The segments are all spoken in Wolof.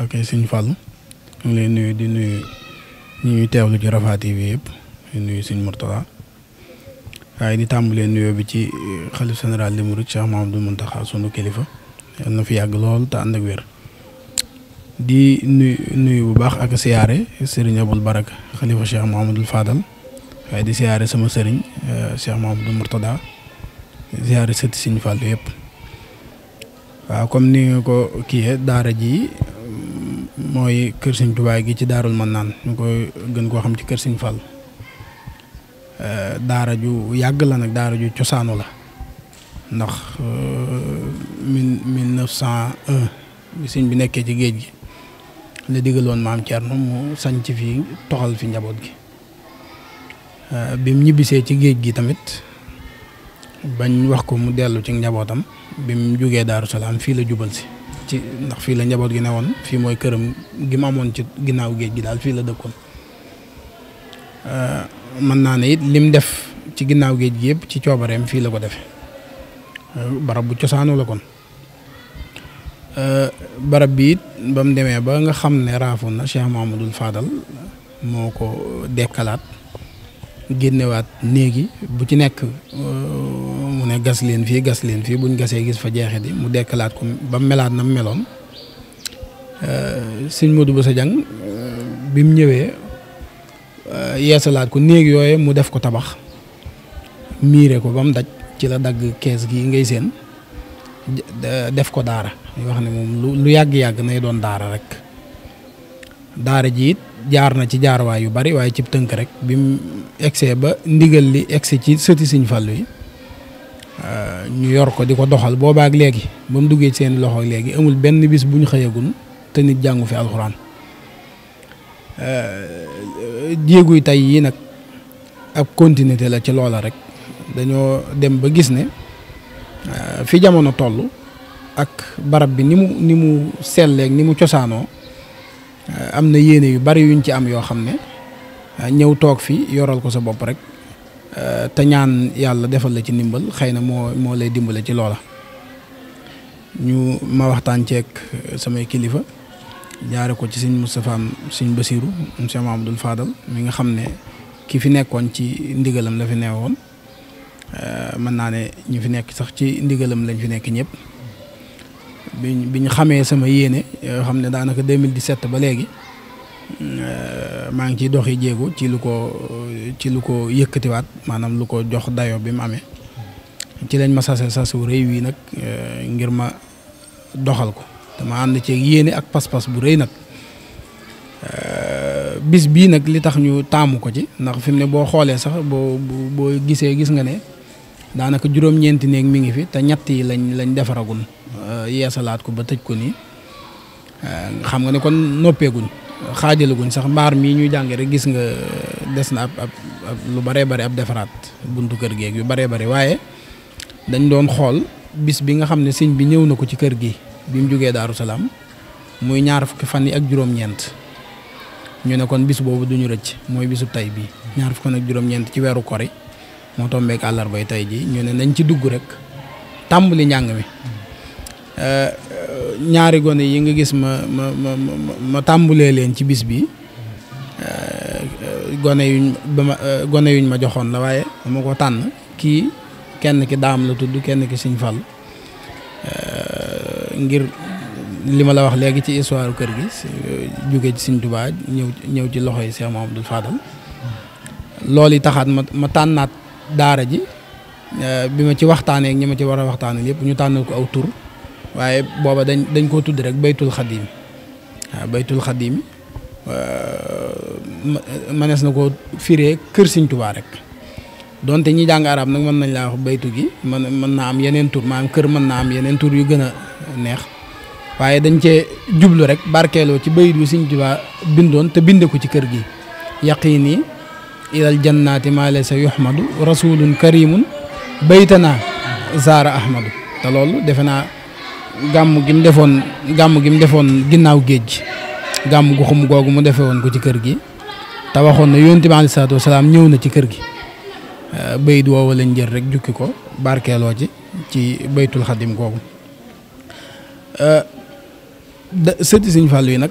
ak sëñ Fall ñu ngi lay nuyu di nuyu ñi ñuy teewlu ci Rafah TV yëpp nuyu sëñ Mourtala waaye di tàmbalee nuyoo bi ci eh, xalif général di Mouride Cheikh Mahamadou Mountakha sunu kilifa yal na fi yàgg lool te ànd ak wér. di nuyu nuyu bu baax ak siyaare sëriñ Abul Baraka xalifa Cheikh Mahamadou Fadal waaye di siyaare sama sëriñ eh, Cheikh Mahamadou Mourtada siyaare sëti sëñ Fall yëpp. waaw comme ni nga ko kiiyee daara ji mooy kër sëñ gi ci daarul man naan ñu koy gën koo xam ci kër sëñ Fall euh, daara ju yàgg la nag daara ju cosaanu la ndax euh, mille mille neuf cent un bi sëñ bi nekkee ci géej gi la digaloon maam Thierno mu sañ ci fi toxal fi njaboot gi euh, bi mu ñibbisee ci géej gi tamit bañ wax ko mu dellu ci njabootam bi mu jógee Daaru Salaam fii la jubal si ci ndax fii la njaboot gi ne woon fii mooy këram gi ma amoon ci ginnaaw géej gi daal fii la dëkkoon euh, mën naa ne it lim def ci ginnaaw géej gi yëpp ci coobareem fii la ko defe euh, barab bu cosaanoo la kon euh, barab bi it ba mu demee ba nga xam ne raafu na Cheikh Mahamadul Fadal moo ko dekkalaat génnewaat néegi bu ci nekk ne gas leen fii gas leen fii buñ gasee gis fa jeexit di mu dekkalaat ko ba melaat na meloon euh, sëñ Modou Bousso Dieng euh, bi mu ñëwee euh, yeesalaat ko néeg yooye mu def ko tabax miire ko ba mu daj ci la dagg kees gi ngay séen def ko daara yoo xam ne moom lu yàgg-yàgg nay doon daara rek daara ji it jaar na ci jaarwaay yu bari waaye cib tënk rek bi mu egsee ba ndigal li egsi ci sëti Sëñ Fallu wi Euh, ñu yor ko di ko doxal boobaak léegi ba mu duggee ci seen loxo léegi amul benn bis bu ñu xëyagun te nit jàngu fi alxuraan euh, jéeguy tey yi nag ab continuité la ci loola rek dañoo dem ba gis ne euh, fi jamono toll ak barab bi ni mu ni mu selleeg ni mu cosaanoo am na yéene yu bari yuñ ci am yoo xam ne ñëw toog fi yoral ko sa bopp rek Euh, te ñaan yàlla defal la ci ndimbal xëy na moo moo lay dimbale ci loola ñu ma waxtaan ceeg euh, samay kilifa jaare ko ci sëñ Moustapha sëñ Basiru monsieur Mamadou Fadal mi nga xam ne ki fi nekkoon ci ndigalam la fi neewoon euh, mën naa ne ñu fi nekk sax ci ndigalam lañ fi nekk ñëpp bi ñu xamee sama yéene xam ne daanaka 2017 ba léegi maa ngi ciy doxi jéego ci lu ko ci lu ko yëkkatiwaat maanaam lu ko jox dayo bi mu amee ci lañ ma sase sasu rëy wii nag eh, ngir ma doxal ko dama ànd ci yéene ak pas-pas bu rëy nag eh, bis bii nag li tax ñu taamu ko ci ndax fi mu ne boo xoolee sax boo bu boo gisee gis nga ne daanaka juróom-ñeenti néeg mi ngi fi te ñett yi lañ lañ defaragul eh, yeesalaat ko ba tëj ko nii xam nga ne kon noppeeguñ xaajalaguñ sax mbaar mii ñuy jàngee rek gis nga des na ab ab lu baree bari ab defaraat buntu kër geeg yu baree bari waaye dañ doon xool bis bi nga xam ne sëñ bi ñëw na ko ci kër gi bi mu jógee Daaru Salaam muy ñaar fukki fan yi ak juróom-ñeent ñu ne kon bis boobu duñu rëcc mooy bisu tay bi ñaar fukki fan ak juróom-ñeent ci weeru kori moo tombeek àllarbay tay ji ñu ne nañ ci dugg rek tàmbali njàng mi euh, ñaari gone yi nga gis ma ma ma ma tàmbulee leen ci bis bi euh, euh, gone yuñ ma euh, gone yuñ ma joxoon la waaye dama ko tànn kii kenn ki daam la tudd kenn ki Sëñ Fall ngir li ma la wax léegi ci histoire kër gi jóge ci Sëñ ñëw ñëw ci loxo yi Cheikh Mahamadou Fadal loolu yi taxaat ma ma tànnaat daara ji bi ma ci waxtaanee ak ñi ma ci war a waxtaanee yëpp ñu tànnal ko aw tur waaye booba dañ dañ koo tudd rek baytul xadim waaw baytul xadim euh, manees na koo firee kër Sëñ Tuubaa rek doonte ñi jàng arab nag mën nañ laa wax baytu gi man mën naa am yeneen tur maanaam kër mën naa am yeneen tur yu gën a neex waaye dañ cee jublu rek barkeeloo ci bayit bi Sëñ bindoon te binde ko ci kër gi yaqini ilal jannaati maa laysa yuhmadu rasulun karimun baytana zaara ahmadu te loolu defe naa gàmm gi mu defoon gàmm gi mu defoon ginnaaw géej gi gàmm gu xum googu mu defee woon ko ci kër gi te waxoon na yonent bi aleyhi salaatu wasalaam ñëw na ci kër gi euh, bayit woowu lañ rek jukki ko barkeeloo ci ci baytul xadim googu euh, sëti Sëñ Fallu yi nag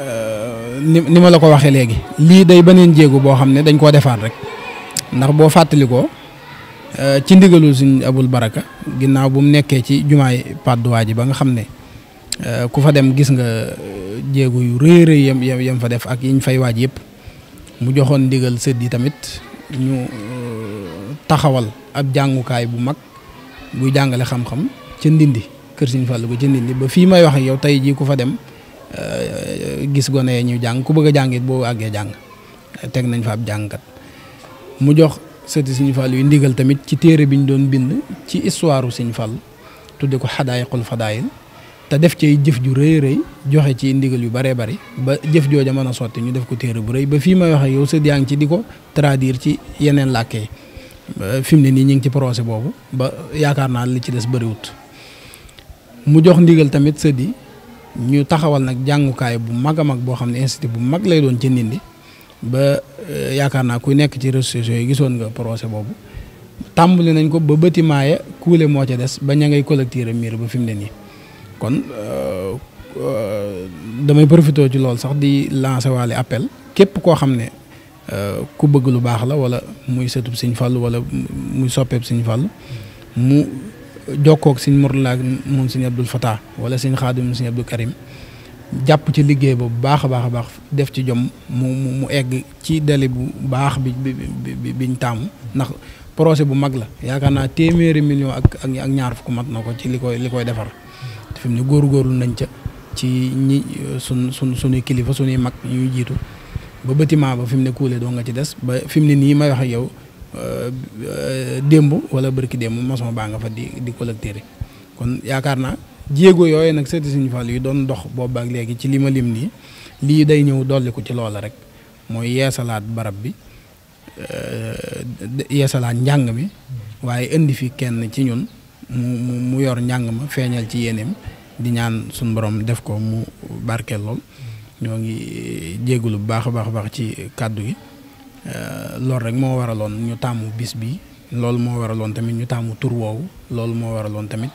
euh, ni ni ma la ko waxee léegi lii day beneen jéego boo xam ne dañ koo defaat rek ndax boo fàttali ko Euh, ci ndigalul suñ abul baraka ginnaaw bu mu nekkee ci jumaay pàdduwaa ji ba nga xam ne euh, ku fa dem gis nga euh, jéego yu rëy rëy yam fa def ak yiñ fay waaj yëpp mu joxoon ndigal sët yi tamit ñu taxawal ab jàngukaay bu mag buy jàngale xam-xam ca ndindi kër Sëriñ Fallu ko ca ndindi ba fii may wax yow tey jii ku fa dem gis gone ñu jàng ku bëgg a jàng boo àggee jàng nañ fa ab jàngkat mu jox sëti Sëñ Fall yu ndigal tamit ci téere bi ñu doon bind ci histoire Sëñ fal tudde ko xadaayiqul fadaayil te def cay jëf ju rëy rëy joxe ci ndigal yu bëree bëri ba jëf jooja mën a sotti ñu def ko téere bu rëy ba fii may waxe yow sët yaa ci di ko traduire ci yeneen làkk yi fi mu ne nii ñu ngi ci procès boobu ba yaakaar naa li ci des bëriwut mu jox ndigal tamit sëddi ñu taxawal nag jàngukaay bu mag a mag boo xam ne institut bu mag lay doon ci Ndindi ba eh, yaakaar naa ku nekk ci réseaux sociaux yi gisoon nga procès boobu tàmbali nañ ko ba bâtiment ya kuule moo ca des ba ña collectire collecter miir ba fi mu ne nii kon eh, eh, damay profité ci lool sax di lancer waale appel képp koo xam ne ku bëgg lu baax la wala muy sëtub Sëñ Fallu wala muy soppeeb Sëñ Fallu mu jokkoog Sëñ Murtala moom Sëñ Abdul Fatah wala Sëñ Xaadim Sëñ Abdul Karim jàpp ci liggéey ba bu baax a baax a baax def ci jom mu mu egg ci dali bu baax bi bi biñ taamu ndax projet bu mag la yaakaar naa téeméeri million ak ak ñaar fukk mat na ko ci li koy li koy defar fi mu góor góorgóorlu nañ ca ci ñi sun sun suñuy kilifa suñuy mag ñuy jiitu ba bâtiment ba fi mu ne kuule doo nga ci des ba fi mu ne nii may wax ak yow euh, euh, démb wala bërki démb mason baa nga fa di di collecter kon yaakaar naa jéego yooyu nag seeti Sëriñ Fall yi doon dox boobu ak léegi ci li ma lim nii lii day ñëw dolliku ci loola rek mooy yeesalaat barab bi euh, yeesalaat njàng mi waaye indi fi kenn ci ñun mu yor njàng ma feeñal ci yéeneem di ñaan suñu borom def ko mu barkeel ñoo ngi jégalu bu baax a baax baax ci kàddu gi euh, loolu rek moo waraloon ñu tàmmu bis bi loolu moo waraloon tamit ñu tàmmu tur woowu loolu moo waraloon tamit.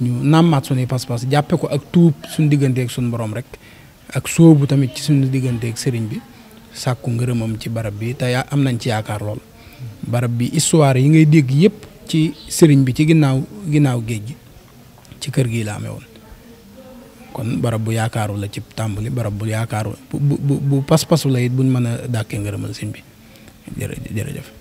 ñu nàmmaat suñuy pas-pas jàppe ko ak tuub suñu digganteeg suñu boroom rek ak sóobu tamit ci suñ digganteek sëriñ bi sàkku ngërëmam ci barab bi te am nañ ci yaakaar lool barab bi histoire yi ngay dégg yëpp ci sëriñ bi ci ginnaaw ginnaaw géej gi ci kër gii la amee woon kon barab bu yaakaaru la ci tàmbali barab bu yaakaaru bu bu bu pas-pasu la it buñ mën a dàkkee ngërëmal sëriñ bi jërëjëf jërëjëf